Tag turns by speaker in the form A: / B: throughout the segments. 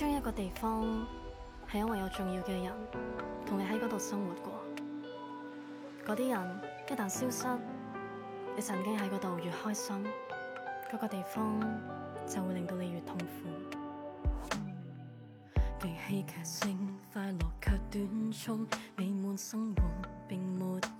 A: 其中一個地方，係因為有重要嘅人同你喺嗰度生活過，嗰啲人一旦消失，你曾經喺嗰度越開心，嗰、嗰個地方就會令到你越痛苦。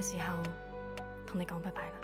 A: 嘅時候同你講拜拜啦。